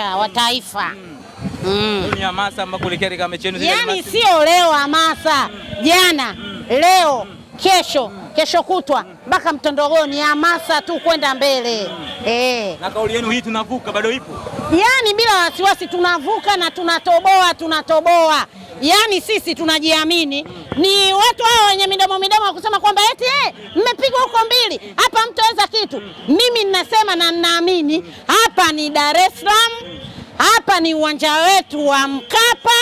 uwanja wa Taifa. Mm. Ni hamasa ambayo kuelekea katika mechi yenu. Yaani sio leo hamasa, jana, leo, kesho, kesho kutwa mpaka mtondogoni, hamasa tu kwenda mbele. Eh. Na kauli yenu hii tunavuka bado ipo? Yaani bila wasiwasi tunavuka na tunatoboa, tunatoboa. Yaani sisi tunajiamini. Ni watu hao wenye midomo midomo wa kusema kwamba eti eh, mmepigwa huko mbili, hapa mtaweza kitu. Mimi ninasema na ninaamini hapa ni Dar es Salaam, hapa ni uwanja wetu wa Mkapa.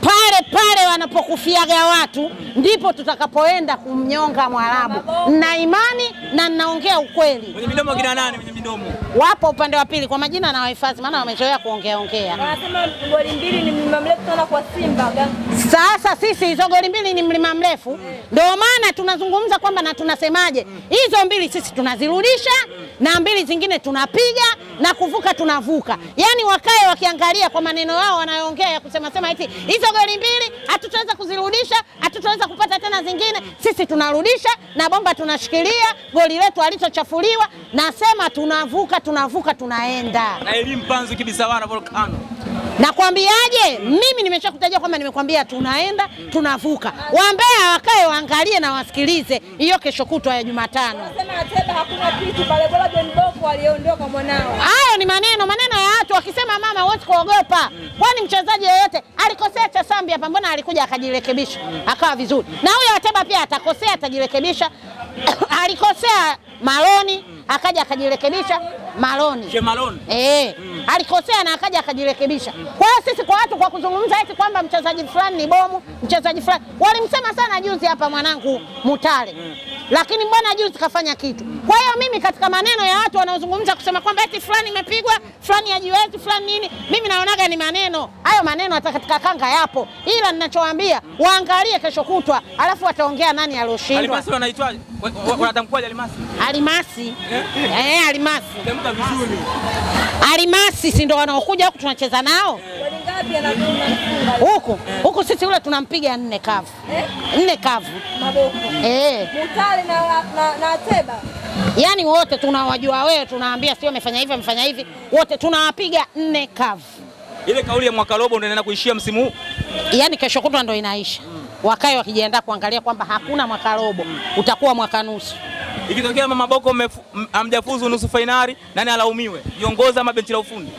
Pale pale wanapokufiaga watu ndipo tutakapoenda kumnyonga Mwarabu. Nina imani na ninaongea ukweli. Kwenye midomo kina nani? Kwenye midomo wapo upande wa pili, kwa majina na wahifadhi, maana wamezoea kuongea ongea. Wanasema goli mbili ni mamlaka sana kwa Simba. Sasa sisi hizo goli mbili ni mlima mrefu, ndio maana tunazungumza kwamba na tunasemaje, hizo mbili sisi tunazirudisha na mbili zingine tunapiga na kuvuka, tunavuka. Yaani wakae wakiangalia kwa maneno yao wanayoongea ya kusema sema eti hizo goli mbili hatutaweza kuzirudisha, hatutaweza kupata tena zingine. Sisi tunarudisha na bomba tunashikilia goli letu alichochafuliwa, nasema tunavuka, tunavuka, tunaenda na elimu panzu kibisa wana volcano. Nakwambiaje mimi nimeshakutajia kwamba nimekwambia tu tunaenda tunavuka. Wambea wakae waangalie na wasikilize, hiyo kesho kutwa ya Jumatano. Hayo ni maneno maneno ya watu wakisema, mama wote kuogopa. Kwani mchezaji yeyote alikosea cha sambi hapa, mbona alikuja akajirekebisha akawa vizuri? Na huyo Ateba pia atakosea, atajirekebisha alikosea Maloni akaja akajirekebisha Maloni, Maloni. Eh. Mm alikosea na akaja akajirekebisha. Kwa hiyo sisi kwa watu kwa kuzungumza eti kwamba mchezaji fulani ni bomu, mchezaji fulani walimsema sana juzi hapa mwanangu Mutale lakini mbona juzi kafanya kitu? Kwa hiyo mimi katika maneno ya watu wanaozungumza kusema kwamba eti fulani imepigwa fulani hajiwezi fulani nini, mimi naonaga ni maneno hayo. Maneno hata katika kanga yapo, ila ninachowaambia waangalie kesho kutwa, alafu wataongea nani alioshindwa. Alimasi wanaitwa Alimasi, alimasi, eh, eh. eh si ndo wanaokuja huku tunacheza nao eh. huku huku, sisi ule tunampiga nne kavu, nne kavu, maboko eh na, na, na Ateba yaani wote tunawajua, wewe tunaambia sio amefanya hivi amefanya hivi, wote tunawapiga nne kavu. Ile kauli ya mwaka robo ndio inaenda kuishia msimu huu, yaani kesho kutwa ndio inaisha mm. Wakae wakijiandaa kuangalia kwamba hakuna mwaka robo mm. Utakuwa mwaka nusu. Ikitokea mama Boko hamjafuzu nusu fainali, nani alaumiwe, viongozi ama benchi la ufundi?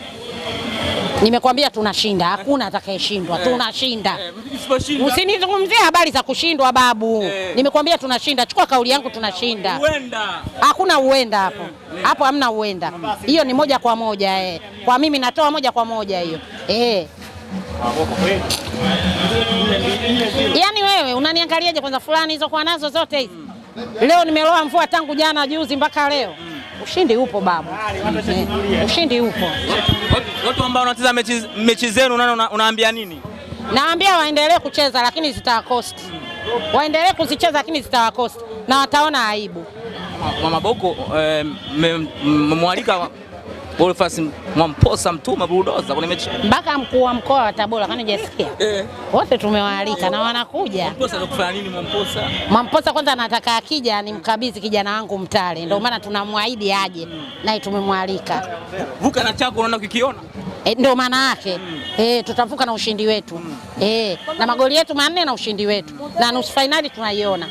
Nimekwambia tunashinda, hakuna atakayeshindwa, eh. tunashinda. Eh, Usinizungumzie habari za kushindwa babu, eh. nimekwambia tunashinda. Chukua kauli yangu, tunashinda. Hakuna uenda hapo, hapo hamna uenda. Hiyo ni moja kwa moja eh. Kwa mimi natoa moja kwa moja hiyo eh. Yaani wewe unaniangaliaje kwanza? Fulani hizo kwa nazo zote hizi hmm. leo nimeloa mvua tangu jana juzi mpaka leo hmm ushindi upo babu, ushindi upo. Watu ambao wanacheza mechi zenu, unaambia nini? Naambia waendelee kucheza, lakini zitawakosti. Waendelee kuzicheza, lakini zitawakosti na wataona aibu. Mama Boko eh, mmemwalika Boniface Mwamposa Mtuma Bulldozer kwenye mechi. Mpaka mkuu wa mkoa wa Tabora kani hujasikia? Eh. Wote tumewaalika na wanakuja. Mwamposa anakufanya nini Mwamposa? Mwamposa kwanza anataka akija ni mkabizi kijana wangu Mtale. Ndio maana tunamwaahidi aje. Naye tumemwaalika. Vuka na chako unaona ukikiona. E, ndio maana yake mm. E, eh, tutavuka na ushindi wetu mm. E, na magoli yetu manne na ushindi wetu Na nusu fainali tunaiona.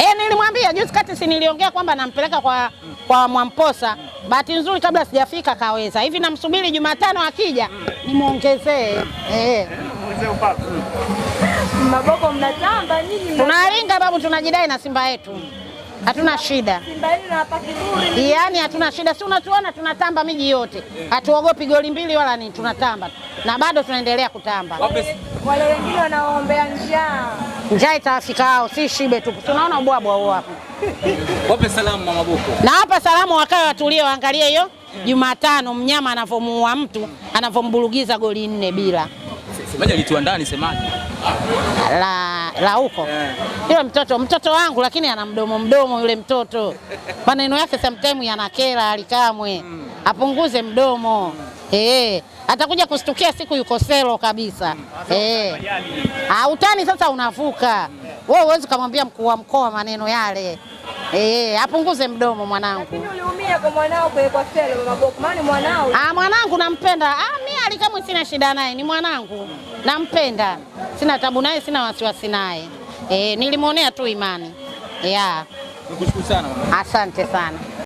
E, nilimwambia juzi kati, si niliongea kwamba nampeleka kwa, kwa Mwamposa. Mm. Bahati nzuri kabla sijafika kaweza hivi, namsubiri Jumatano akija mm. nimwongezee e. Maboko mnatamba nini? Tunaringa babu, tunajidai na Simba yetu hatuna shida, yaani hatuna shida, si unatuona tunatamba miji yote, hatuogopi goli mbili wala nini, tunatamba na bado tunaendelea kutamba. Wale wengine wanaombea njaa, njaa itafika hao, si shibe tu, tunaona ubwabwa huo hapa. Wape salamu mama na hapa salamu wakae watulie, waangalie hiyo Jumatano mnyama anavyomuua mtu anavyomburugiza goli nne bila. Semaji alitiwa ndani, Alaa la huko eh. yule mtoto mtoto wangu, lakini ana mdomo mdomo yule mtoto, maneno yake sometimes yanakera. Alikamwe hmm. apunguze mdomo hmm. eh, atakuja kustukia siku yuko selo kabisa hmm. eh. Ah, utani sasa unavuka wewe, uwezi kumwambia mkuu wa mkoa maneno yale. Eh, apunguze mdomo mwanangu. Lakini uliumia kwa mwanao kwa selo maboku. Maana mwanao. Ah, mwanangu nampenda. Ah, mimi Alikamwe sina shida naye, ni mwanangu nampenda sina tabu naye, sina wasiwasi naye e, eh, nilimwonea tu imani Nikushukuru sana. Asante sana.